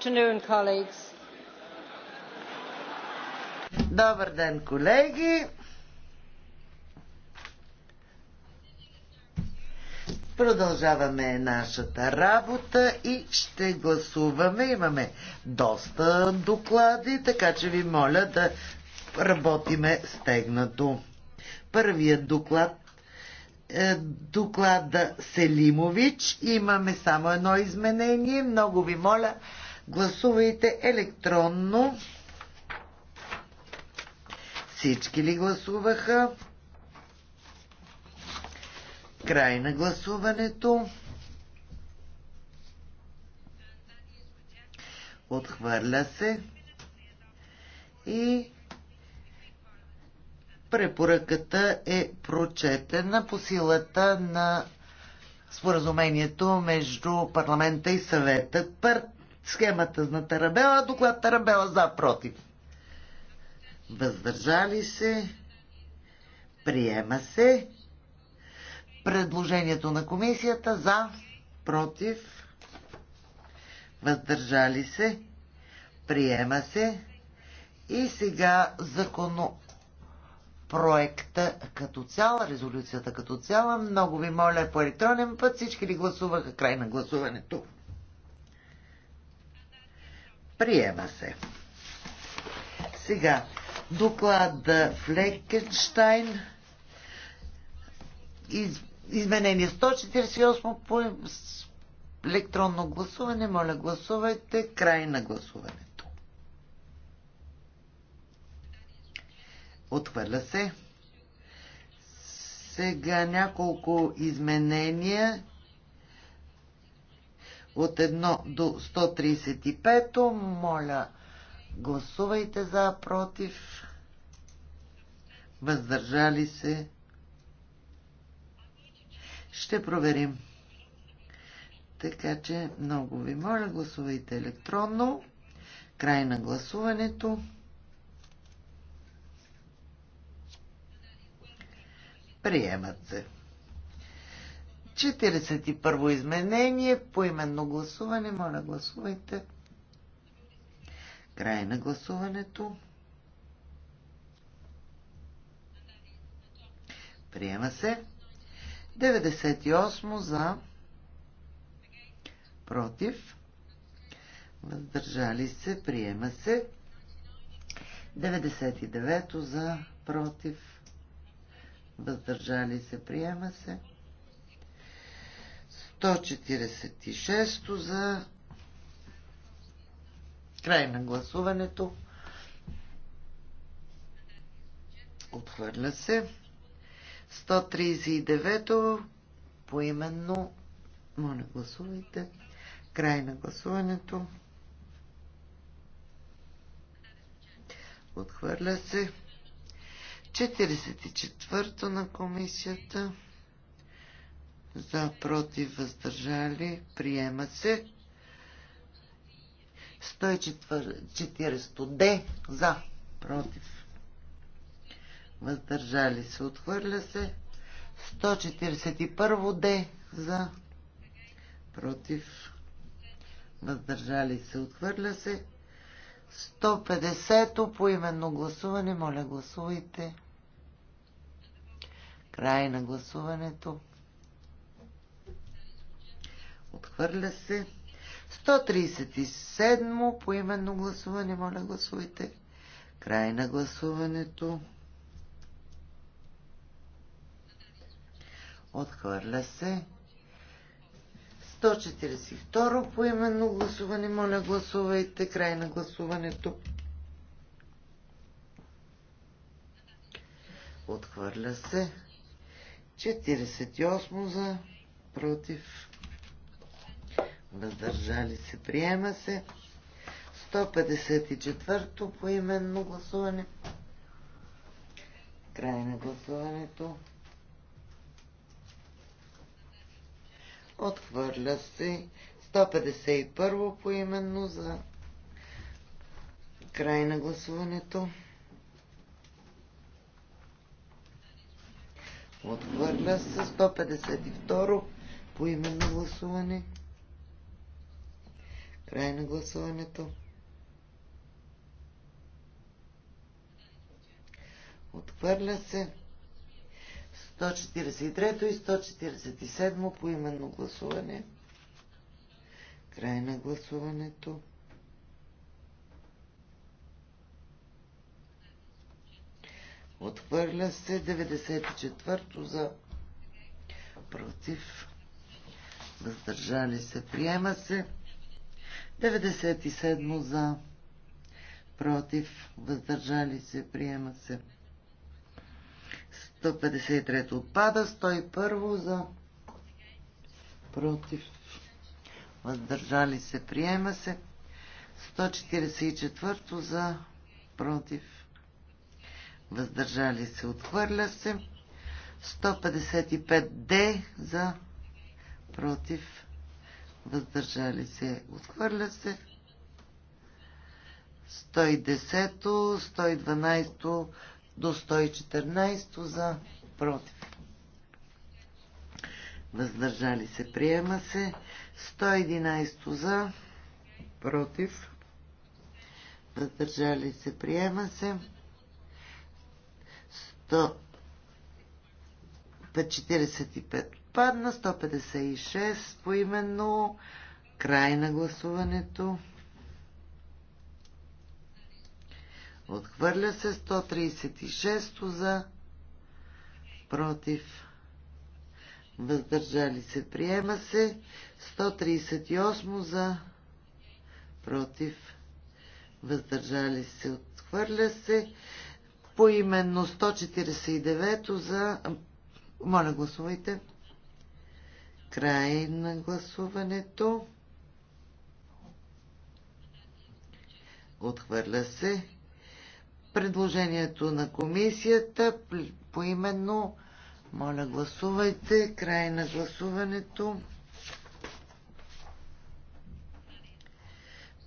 afternoon, colleagues. Добър ден, колеги! Продължаваме нашата работа и ще гласуваме. Имаме доста доклади, така че ви моля да работиме стегнато. Първият доклад е, доклада Селимович. Имаме само едно изменение. Много ви моля Гласувайте електронно. Всички ли гласуваха? Край на гласуването. Отхвърля се. И препоръката е прочетена по силата на споразумението между парламента и съвета схемата на Тарабела. Доклад Тарабела за против. Въздържали се. Приема се. Предложението на комисията за против. Въздържали се. Приема се. И сега законо проекта като цяла, резолюцията като цяла. Много ви моля по електронен път. Всички ли гласуваха край на гласуването? Приема се. Сега, доклад Флекенштайн. Из, изменение 148 по електронно гласуване. Моля, гласувайте. Край на гласуването. Отхвърля се. Сега няколко изменения от 1 до 135. Моля, гласувайте за, против, въздържали се. Ще проверим. Така че много ви моля, гласувайте електронно. Край на гласуването. Приемат се. 41 изменение, по именно гласуване. Моля, гласувайте. Край на гласуването. Приема се. 98 за. Против. Въздържали се. Приема се. 99 за. Против. Въздържали се. Приема се. 146 за край на гласуването. Отхвърля се. 139 то поименно. Моля, гласувайте. Край на гласуването. Отхвърля се. 44-то на комисията за против въздържали приема се 140 Д за против въздържали се отхвърля се 141 Д за против въздържали се отхвърля се 150 по именно гласуване моля гласувайте край на гласуването Отхвърля се. 137 по именно гласуване. Моля, гласувайте. Край на гласуването. Отхвърля се. 142 по именно гласуване. Моля, гласувайте. Край на гласуването. Отхвърля се. 48 за против въздържали се, приема се. 154-то по именно гласуване. Край на гласуването. Отхвърля се 151 во по именно за край на гласуването. Отхвърля се 152 по именно гласуване. Край на гласуването. Отхвърля се. 143 и 147 по именно гласуване. Край на гласуването. Отхвърля се 94-то за против. Въздържали се. Приема се. 97 за, против, въздържали се, приема се. 153 отпада, 101 за, против, въздържали се, приема се. 144 за, против, въздържали се, отхвърля се. 155 Д за, против, въздържали се, отхвърля се. 110, 112 до 114 за против. Въздържали се, приема се. 111 за против. Въздържали се, приема се. 145 отпадна. 156 поименно. Край на гласуването. Отхвърля се 136 за. Против. Въздържали се. Приема се 138 за. Против. Въздържали се. Отхвърля се. Поименно 149 за. Моля, гласувайте. Край на гласуването. Отхвърля се. Предложението на комисията поименно. Моля, гласувайте. Край на гласуването.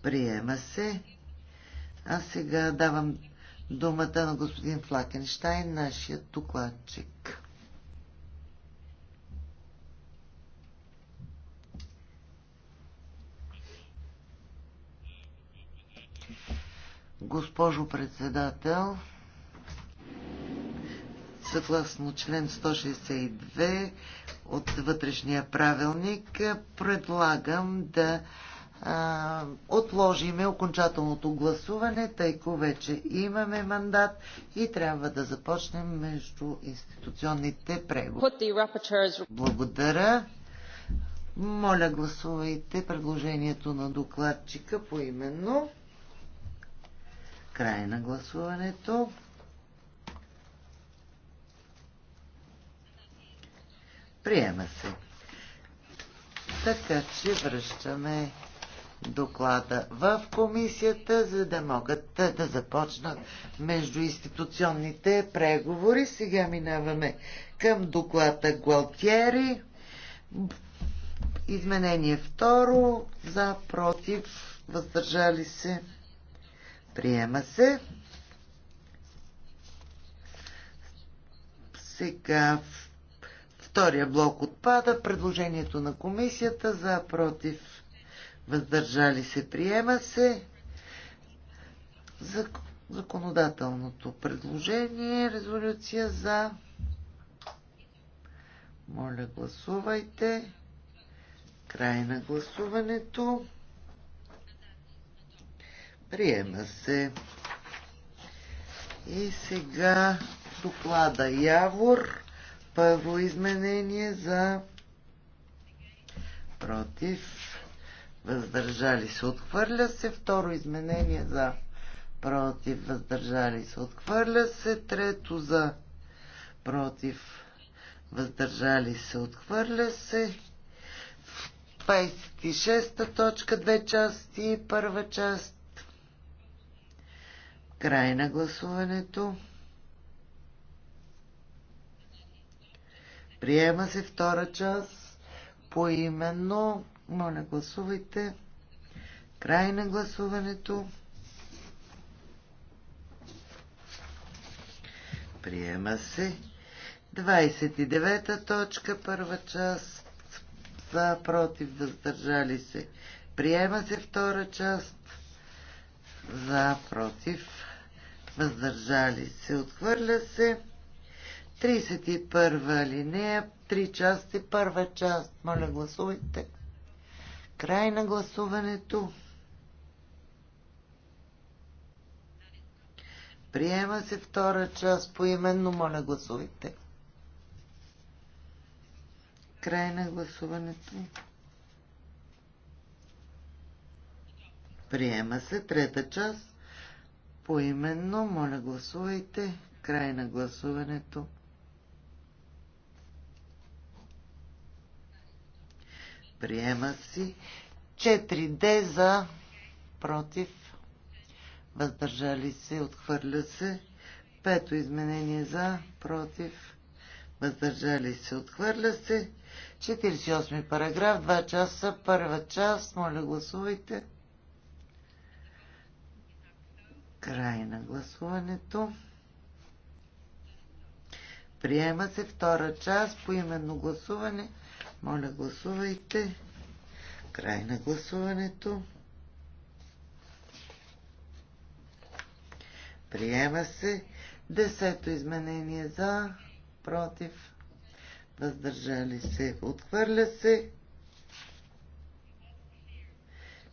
Приема се. А сега давам думата на господин Флакенштайн, нашия докладчик. Госпожо председател, съгласно член 162 от вътрешния правилник, предлагам да а, отложиме окончателното гласуване, тъй като вече имаме мандат и трябва да започнем между институционните преговори. Благодаря. Моля, гласувайте предложението на докладчика по именно. Край на гласуването. Приема се. Така че връщаме доклада в комисията, за да могат да започнат между институционните преговори. Сега минаваме към доклада Гуалтьери. Изменение второ за против въздържали се. Приема се. Сега втория блок отпада. Предложението на комисията за против въздържали се. Приема се. Законодателното предложение. Резолюция за. Моля, гласувайте. Край на гласуването. Приема се. И сега доклада Явор. Първо изменение за против. Въздържали се. Отхвърля се. Второ изменение за против. Въздържали се. Отхвърля се. Трето за против. Въздържали се. Отхвърля се. 26 та точка, две части, първа част Край на гласуването. Приема се втора част по именно. Моля, гласувайте. Край на гласуването. Приема се. 29-та точка, първа част. За, против, въздържали се. Приема се втора част. За, против, въздържали се, отхвърля се. 31 алинея, 3 части, първа част, моля гласувайте. Край на гласуването. Приема се втора част по именно, моля гласувайте. Край на гласуването. Приема се трета част. Поименно, моля гласувайте. Край на гласуването. Приема си. 4D за против. Въздържали се. Отхвърля се. Пето изменение за против. Въздържали се. Отхвърля се. 48 параграф. 2 часа. Първа част. Моля гласувайте. Край на гласуването. Приема се втора част по именно гласуване. Моля, гласувайте. Край на гласуването. Приема се десето изменение за, против, въздържали се, отхвърля се.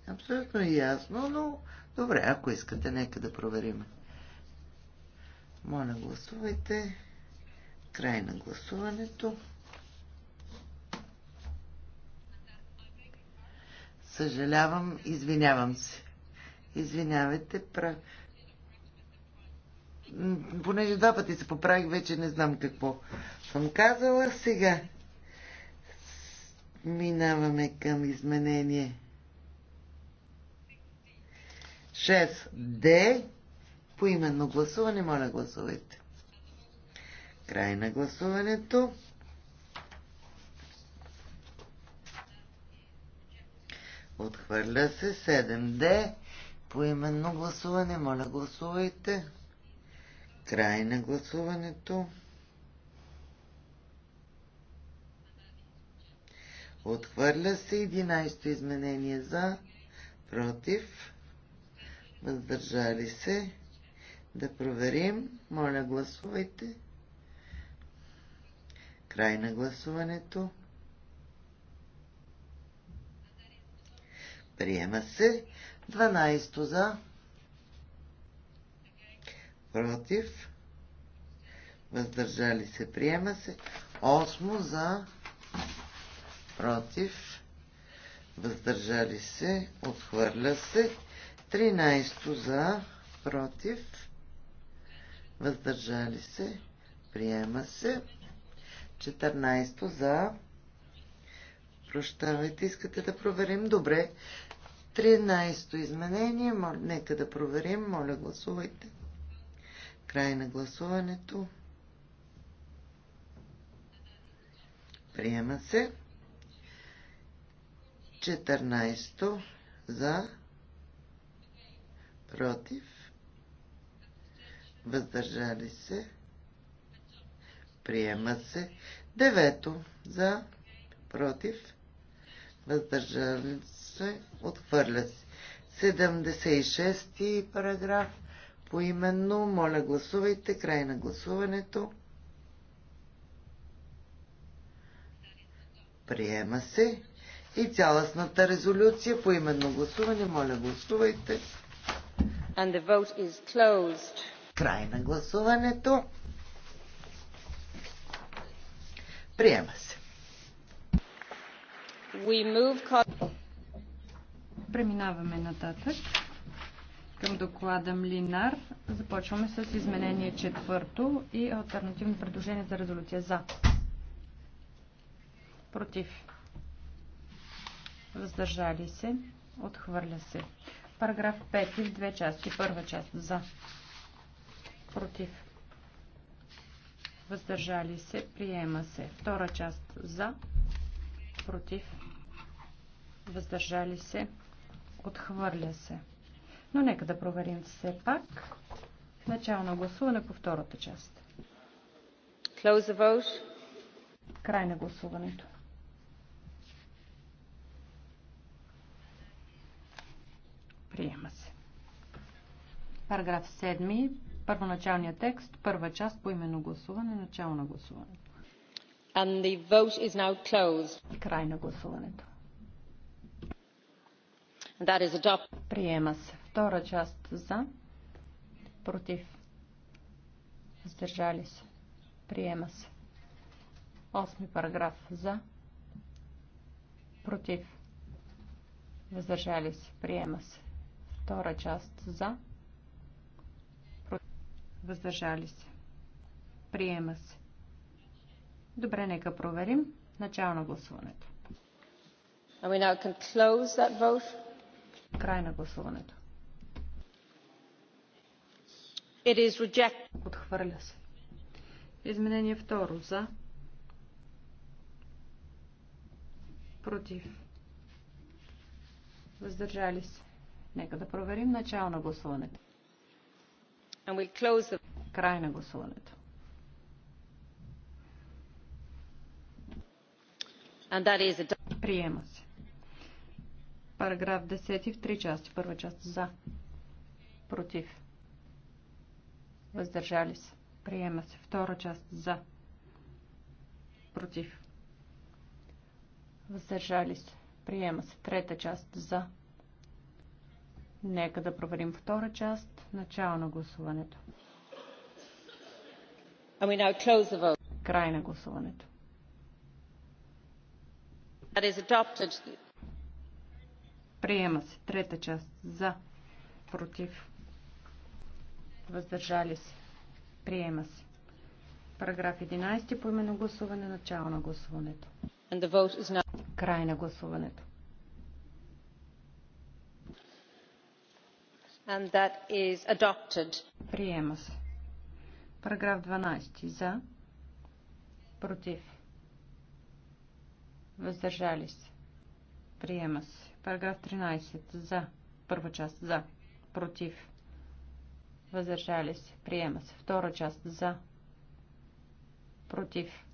Абсолютно ясно, но Добре, ако искате, нека да проверим. Моля, гласувайте. Край на гласуването. Съжалявам, извинявам се. Извинявайте, прав... Понеже два пъти се поправих, вече не знам какво съм казала. Сега минаваме към изменение 6D по именно гласуване. Моля, гласувайте. Край на гласуването. Отхвърля се 7D по именно гласуване. Моля, гласувайте. Край на гласуването. Отхвърля се 11 изменение за, против, въздържали се. Да проверим. Моля, гласувайте. Край на гласуването. Приема се. 12 за. Против. Въздържали се. Приема се. 8 за. Против. Въздържали се. Отхвърля се. 13 за, против, въздържали се, приема се. 14 за, прощавайте, искате да проверим, добре. 13 изменение, нека да проверим, моля гласувайте. Край на гласуването. Приема се. 14 за против, въздържали се, приема се. Девето за, против, въздържали се, отхвърля се. 76 параграф поименно. Моля, гласувайте. Край на гласуването. Приема се. И цялостната резолюция по именно гласуване. Моля, гласувайте. And the vote is closed. Край на гласуването. Приема се. We move... Преминаваме нататък към доклада Млинар. Започваме с изменение четвърто и альтернативно предложение за резолюция за. Против. Въздържали се. Отхвърля се. Параграф 5 в две части. Първа част за. Против. Въздържали се. Приема се. Втора част за. Против. Въздържали се. Отхвърля се. Но нека да проверим все пак. Начало на гласуване по втората част. Close the vote. Край на гласуването. Приема се. Параграф 7. Първоначалният текст. Първа част по именно гласуване. Начало на гласуване. And the vote is now closed. Край на гласуването. And that is adopted. Приема се. Втора част за. Против. Въздържали се. Приема се. Осми параграф за. Против. Въздържали се. Приема се. Втора част за. Въздържали се. Приема се. Добре, нека проверим. Начало на гласуването. And we now can close that vote. Край на гласуването. It is reject. Отхвърля се. Изменение второ. За. Против. Въздържали се. Нека да проверим начало на гласуването. The... Край на гласуването. A... Приема се. Параграф 10 в три части. Първа част за. Против. Въздържали се. Приема се. Втора част за. Против. Въздържали се. Приема се. Трета част за. Нека да проверим втора част, начало на гласуването. Край на гласуването. Приема се. Трета част. За. Против. Въздържали се. Приема се. Параграф 11. По именно гласуване. Начало на гласуването. Край на гласуването. and that is adopted. Приема се. Параграф 12. За. Против. Въздържали се. Приема се. Параграф 13. За. Първа част. За. Против. Въздържали се. Приема се. Втора част. За. Против.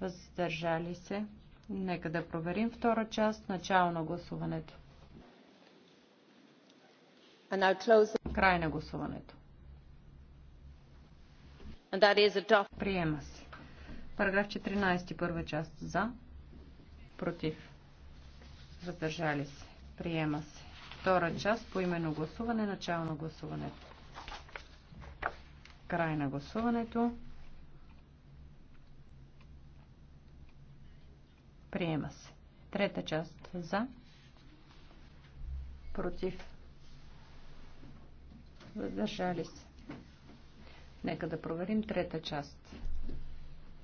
Въздържали се. Нека да проверим втора част. Начало на гласуването. Край на гласуването. Приема се. Параграф 14, първа част за, против, Задържали се. Приема се. Втора част по именно гласуване, начало на гласуването. Край на гласуването. Приема се. Трета част за, против, Въздържали се. Нека да проверим трета част.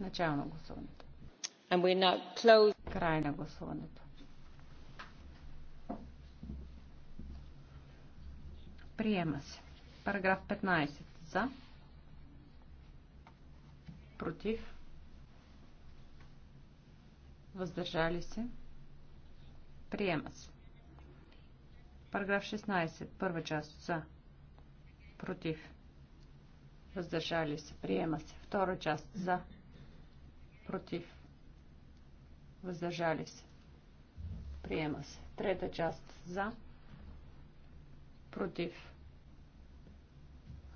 Начало на гласуването. And we're now Край на гласуването. Приема се. Параграф 15. За. Против. Въздържали се. Приема се. Параграф 16. Първа част. За. Против. Въздържали се. Приема се. Втора част. За. Против. Въздържали се. Приема се. Трета част. За. Против.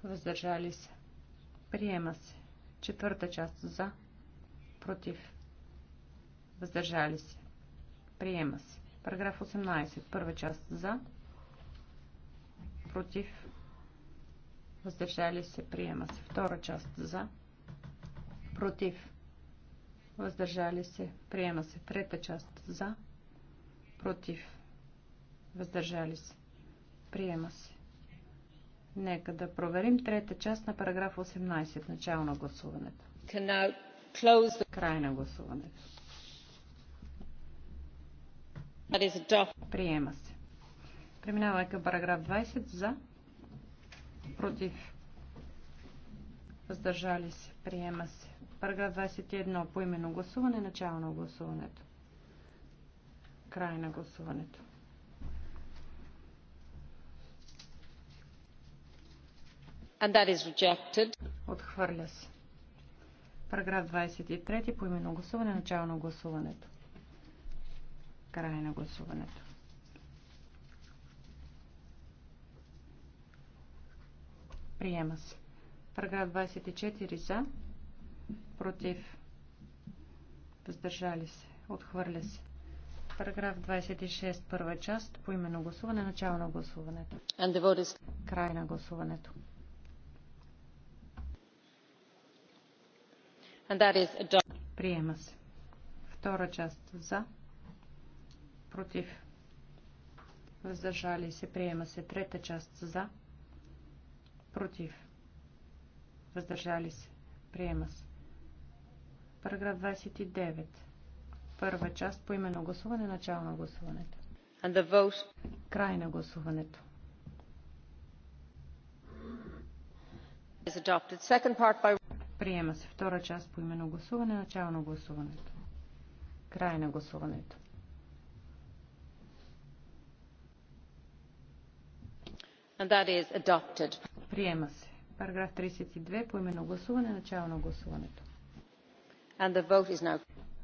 Въздържали се. Приема се. Четвърта част. За. Против. Въздържали се. Приема се. Параграф 18. Първа част. За. Против въздържали се, приема се. Втора част за, против, въздържали се, приема се. Трета част за, против, въздържали се, приема се. Нека да проверим трета част на параграф 18, начало на гласуването. Край на гласуването. Приема се. Преминаваме към параграф 20 за Против. Въздържали се. Приема се. Параграф 21. По именно гласуване. Начало на гласуването. Край на гласуването. And that is rejected. Отхвърля се. Параграф 23. По именно гласуване. Начало на гласуването. Край на гласуването. Приема се. Параграф 24 за. Против. Въздържали се. Отхвърля се. Параграф 26, първа част, по именно гласуване, начало на гласуването. Is... Край на гласуването. Is... Приема се. Втора част за. Против. Въздържали се. Приема се. Трета част за. Против. Въздържали се. Приема се. Параграф 29. Първа част по именно гласуване, начало на гласуването. And the vote. Край на гласуването. Is adopted. Second part by... Приема се втора част по именно гласуване, начало на гласуването. Край на гласуването. And that is adopted. Приема се. Параграф 32. По именно гласуване. Начало на гласуването. And the vote is now...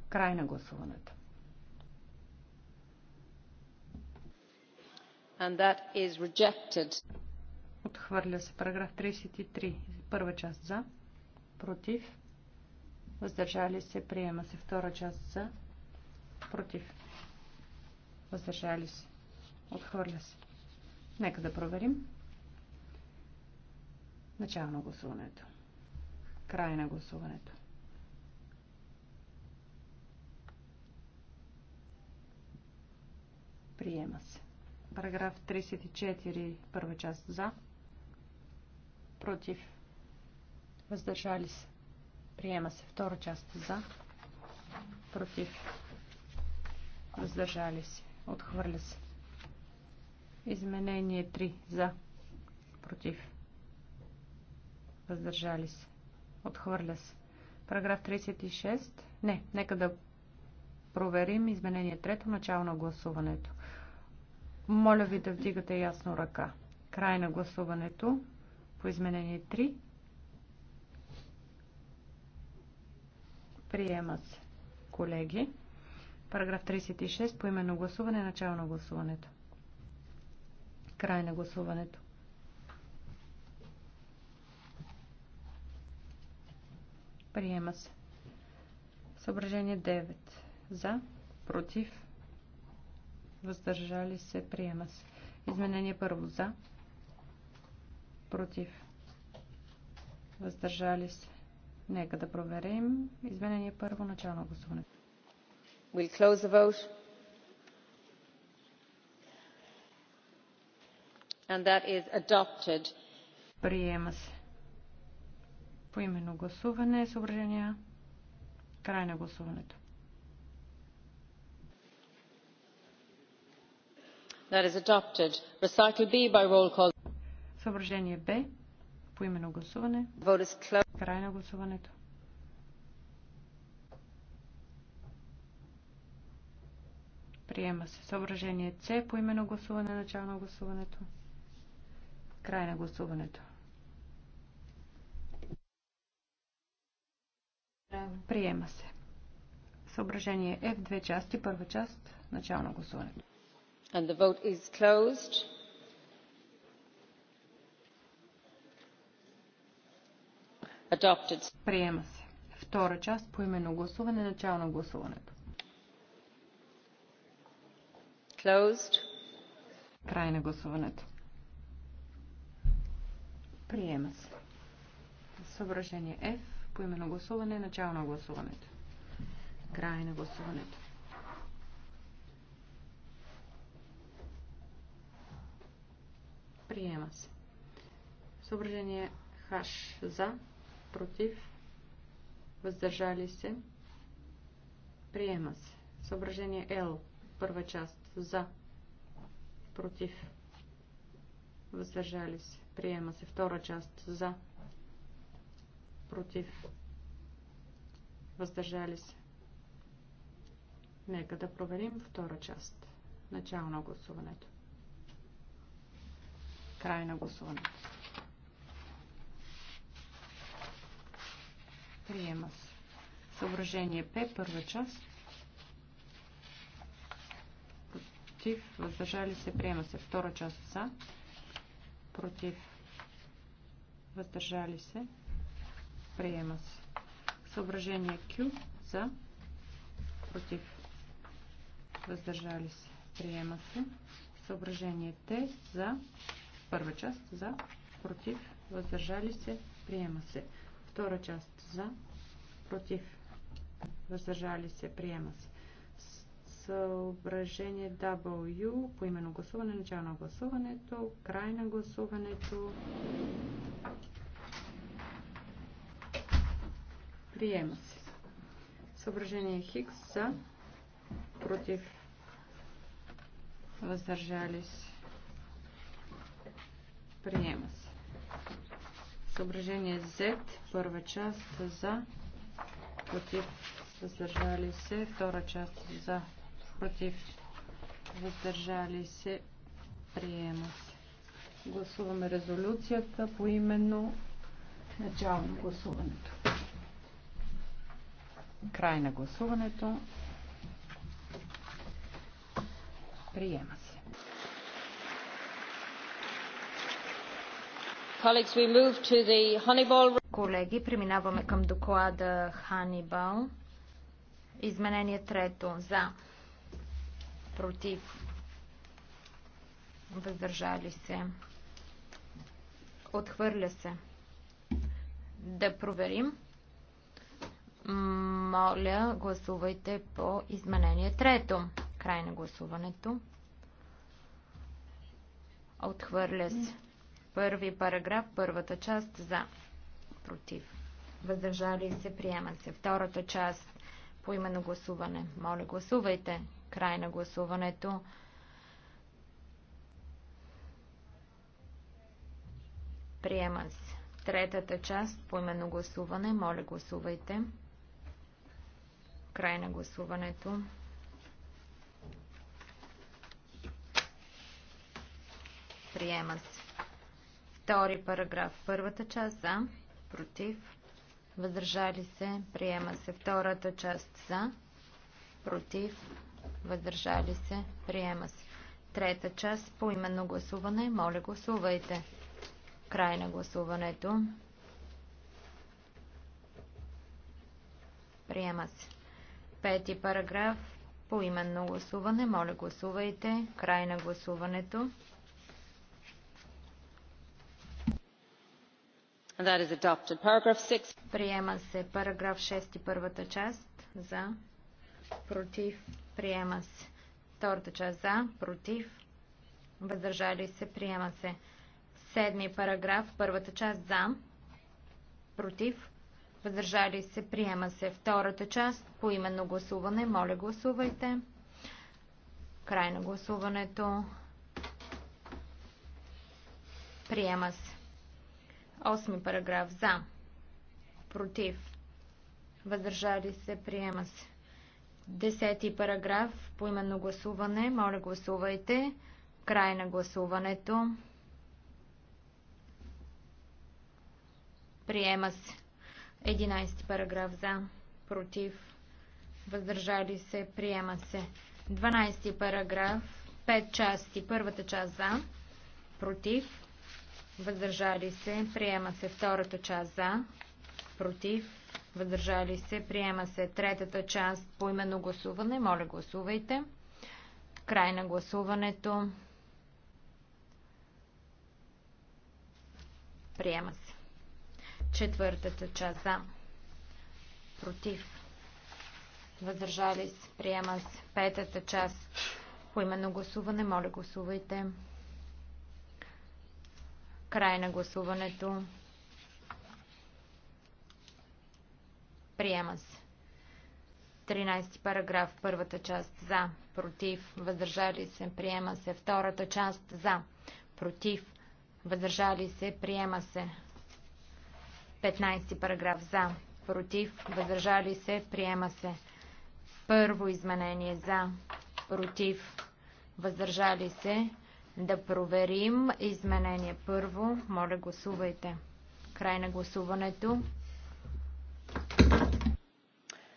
Край на гласуването. And that is rejected. Отхвърля се параграф 33. Първа част за, против, въздържали се, приема се. Втора част за, против, въздържали се, отхвърля се. Нека да проверим. Начало на гласуването. Край на гласуването. Приема се. Параграф 34, първа част за. Против. Въздържали се. Приема се. Втора част за. Против. Въздържали се. Отхвърля се. Изменение 3 за. Против въздържали се, отхвърля се. Параграф 36. Не, нека да проверим изменение трето, начало на гласуването. Моля ви да вдигате ясно ръка. Край на гласуването по изменение 3. Приема се, колеги. Параграф 36. По именно гласуване, начало на гласуването. Край на гласуването. Приема се. Съображение 9. За. Против. Въздържали се. Приема се. Изменение първо. За. Против. Въздържали се. Нека да проверим. Изменение първо. Начало на We'll close the vote. And that is adopted. Приема се. По именно гласуване, съображения, край на гласуването. That is adopted. Recital B by roll call. Съображение Б. По именно гласуване. Vote is Край на гласуването. Приема се. Съображение С. По именно гласуване. Начало на гласуването. Край на гласуването. Приема се. Съображение в две части, първа част, начало на гласуването. And the vote is closed. Adopted. Приема се. Втора част по гласуване, начало на гласуването. Closed. Край на гласуването. Приема се. Съображение F. По именно гласуване, начало на гласуването. Край на гласуването. Приема се. Съображение хаш за, против, въздържали се. Приема се. Съображение Л. Първа част. За. Против. Въздържали се. Приема се. Втора част. За против, въздържали се. Нека да проверим втора част. Начало на гласуването. Край на гласуването. Приема се. Съображение П, първа част. Против, въздържали се, приема се. Втора част са. Против, въздържали се. Приема се. Съображение Q за против. Въздържали се. Приема се. Съображение Т за първа част за против. Въздържали се. Приема се. Втора част за против. Въздържали се. Приема се. Съображение W по именно гласуване, начало на гласуването, край на гласуването. Приема се. Съображение Хикс за против въздържали се. Приема се. Съображение Z, първа част за против въздържали се, втора част за против въздържали се. Приема се. Гласуваме резолюцията по именно начало на гласуването. Край на гласуването. Приема се. Колеги, преминаваме към доклада Ханибал. Изменение трето. За. Против. Въздържали се. Отхвърля се. Да проверим. Моля, гласувайте по изменение трето. Край на гласуването. Отхвърля се. Първи параграф, първата част за. Против. Въздържали се, приема се. Втората част по именно гласуване. Моля, гласувайте. Край на гласуването. Приема се. Третата част по именно гласуване. Моля, гласувайте. Край на гласуването. Приема се. Втори параграф. Първата част за. Против. Въздържали се. Приема се. Втората част за. Против. Въздържали се. Приема се. Трета част. По именно гласуване. Моля гласувайте. Край на гласуването. Приема се. Пети параграф по именно гласуване. Моля, гласувайте. Край на гласуването. Приема се параграф 6 първата част за против. Приема се втората част за против. Въздържали се. Приема се. Седми параграф първата част за против въздържали се, приема се. Втората част по именно гласуване. Моля, гласувайте. Край на гласуването. Приема се. Осми параграф. За. Против. Въздържали се. Приема се. Десети параграф. По именно гласуване. Моля гласувайте. Край на гласуването. Приема се. 11 параграф за, против, въздържали се, приема се. 12 параграф, 5 части, първата част за, против, въздържали се, приема се. Втората част за, против, въздържали се, приема се. Третата част по именно гласуване, моля гласувайте. Край на гласуването. Приема се. Четвъртата част за. Против. Въздържали се. Приема се. Петата част. По именно гласуване. Моля, гласувайте. Край на гласуването. Приема се. 13 параграф, първата част за, против, въздържали се, приема се, втората част за, против, въздържали се, приема се, 15 параграф за, против, въздържали се, приема се. Първо изменение за, против, въздържали се. Да проверим изменение първо. Моля, гласувайте. Край на гласуването.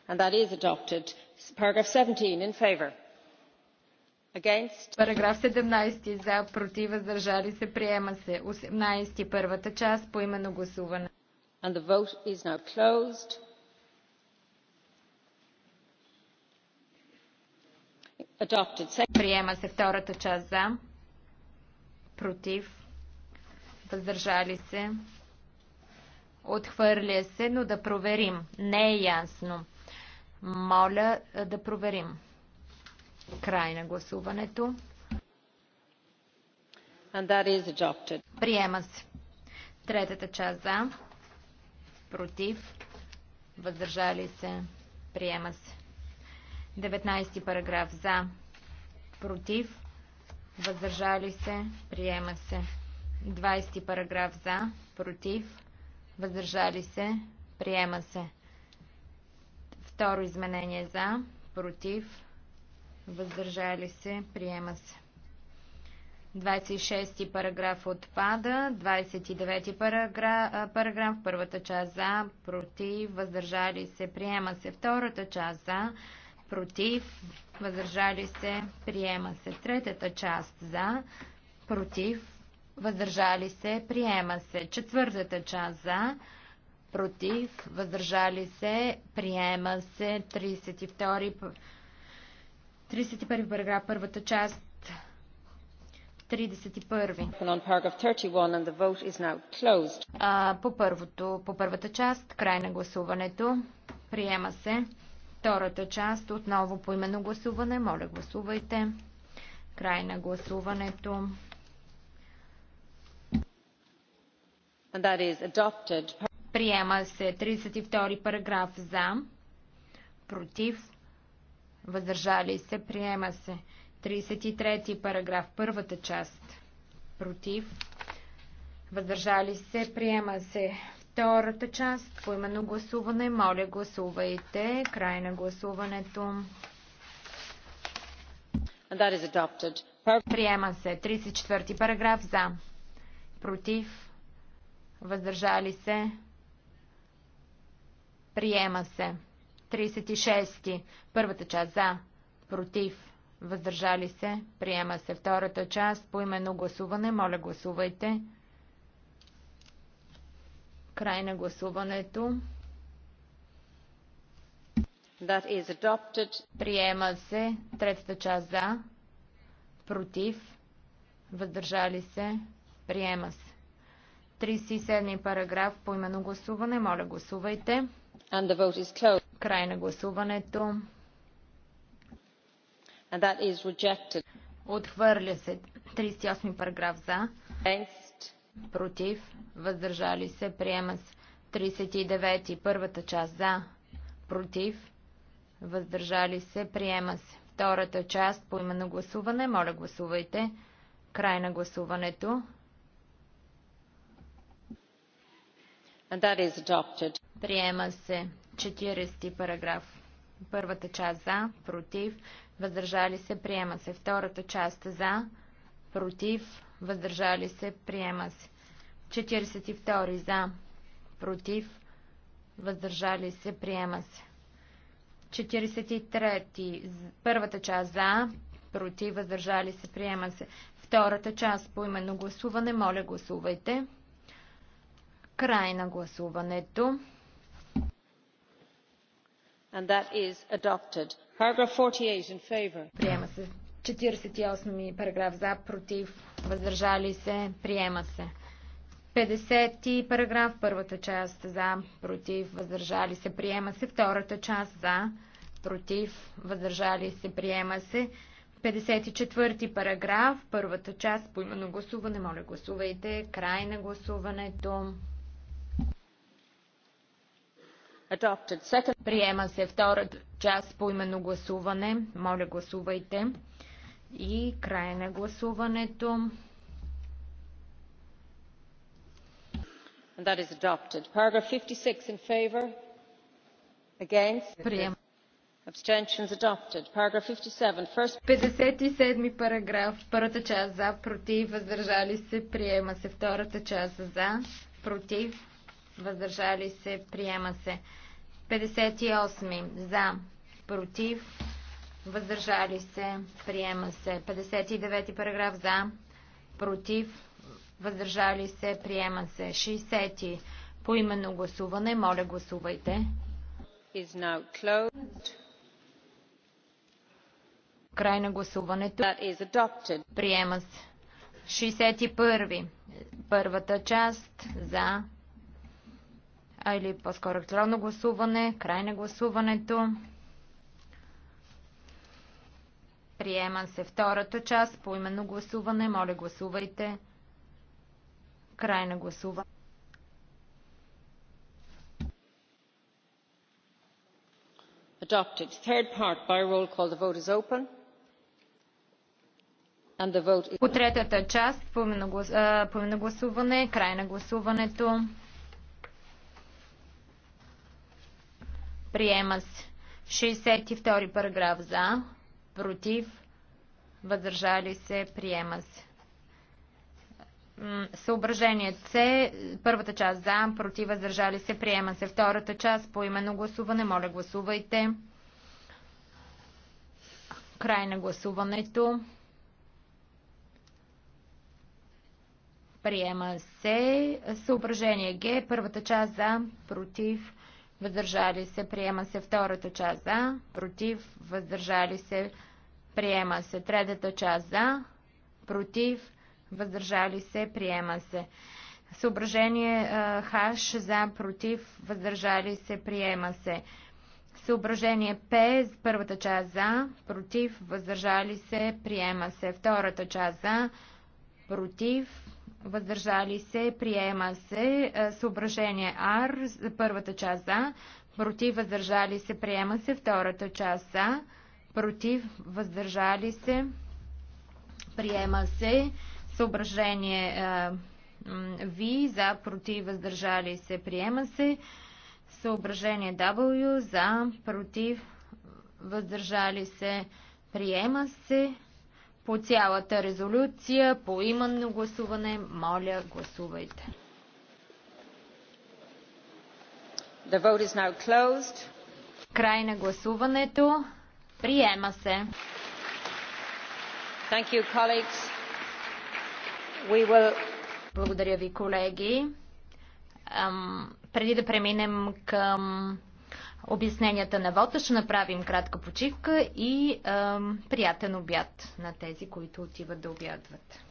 And that is adopted. Paragraph 17 in favor. Against. Параграф 17 за, против, въздържали се, приема се. 18 първата част по именно гласуване the vote is now closed. Приема се втората част за. Против. Въздържали се. Отхвърля се, но да проверим. Не е ясно. Моля да проверим. Край на гласуването. Приема се. Третата част за против, въздържали се, приема се. 19 параграф за, против, въздържали се, приема се. 20 параграф за, против, въздържали се, приема се. Второ изменение за, против, въздържали се, приема се. 26 параграф отпада, 29 параграф, параграф, първата част за, против, въздържали се, приема се, втората част за, против, въздържали се, приема се, третата част за, против, въздържали се, приема се, четвъртата част за, против, въздържали се, приема се, 32 31 параграф, първата част 31. по, първото, по първата част, край на гласуването. Приема се. Втората част, отново по именно гласуване. Моля, гласувайте. Край на гласуването. Приема се 32 параграф за, против, въздържали се, приема се. 33 параграф, първата част. Против. Въздържали се. Приема се втората част. По именно гласуване. Моля, гласувайте. Край на гласуването. Приема се. 34 параграф за. Против. Въздържали се. Приема се. 36. Първата част за. Против. Въздържали се. Приема се втората част. По именно гласуване. Моля, гласувайте. Край на гласуването. That is adopted. Приема се. Третата част за. Против. Въздържали се. Приема се. 37 параграф по именно гласуване. Моля, гласувайте. And the vote is closed. Край на гласуването. Отхвърля се 38 параграф за. Против. Въздържали се. Приема се. 39. Първата част за. Против. Въздържали се. Приема се. Втората част по на гласуване. Моля гласувайте. Край на гласуването. Приема се. 40 параграф. Първата част за. Против въздържали се, приема се. Втората част за, против, въздържали се, приема се. 42 за, против, въздържали се, приема се. 43. Първата част за, против, въздържали се, приема се. Втората част по именно гласуване, моля гласувайте. Край на гласуването and that is adopted. Paragraph 48 in favor. Приема се. 48 параграф за, против, въздържали се, приема се. 50 параграф, първата част за, против, въздържали се, приема се. Втората част за, против, въздържали се, приема се. 54 параграф, първата част, по именно гласуване, моля гласувайте, край на гласуването. Приема се втора част по именно гласуване. Моля, гласувайте. И край на гласуването. that is adopted. paragraph fifty in favour against abstentions adopted. paragraph fifty first. петдесет и параграф първата част за против въздържали се приема се втората част за против въздържали се, приема се. 58 за, против, въздържали се, приема се. 59 параграф за, против, въздържали се, приема се. 60 по именно гласуване, моля гласувайте. Is now closed. Край на гласуването. That is adopted. Приема се. 61. Първата част за а или по-скоро електронно гласуване, край на гласуването. Приема се втората част, по именно гласуване. Моля, гласувайте. Край на гласуване. adopted. third part by roll call the vote is open and the vote is... По третата част, поименно гласуване, край на гласуването. Приема се. 62 параграф за, против, въздържали се, приема се. Съображение С, първата част за, против, въздържали се, приема се. Втората част по именно гласуване, моля гласувайте. Край на гласуването. Приема се. Съображение Г, първата част за, против, въздържали се, приема се втората част за, против, въздържали се, приема се третата част за, против, въздържали се, приема се. Съображение Х за, против, въздържали се, приема се. Съображение П, първата част за, против, въздържали се, приема се. Втората част за, против, въздържали се, приема се. Е, съображение Р, първата част за, против, въздържали се, приема се. Втората част за, против, въздържали се, приема се. Съображение е, V, за, против, въздържали се, приема се. Съображение W, за, против, въздържали се, приема се по цялата резолюция, по именно гласуване. Моля, гласувайте. The vote is now closed. Край на гласуването. Приема се. Thank you, colleagues. We will... Благодаря ви, колеги. Um, преди да преминем към обясненията на вота. Ще направим кратка почивка и приятен обяд на тези, които отиват да обядват.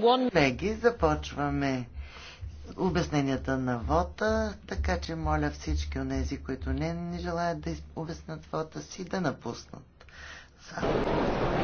Колеги, започваме обясненията на вота, така че моля всички от тези, които не, не желаят да обяснят вота си, да напуснат. Само.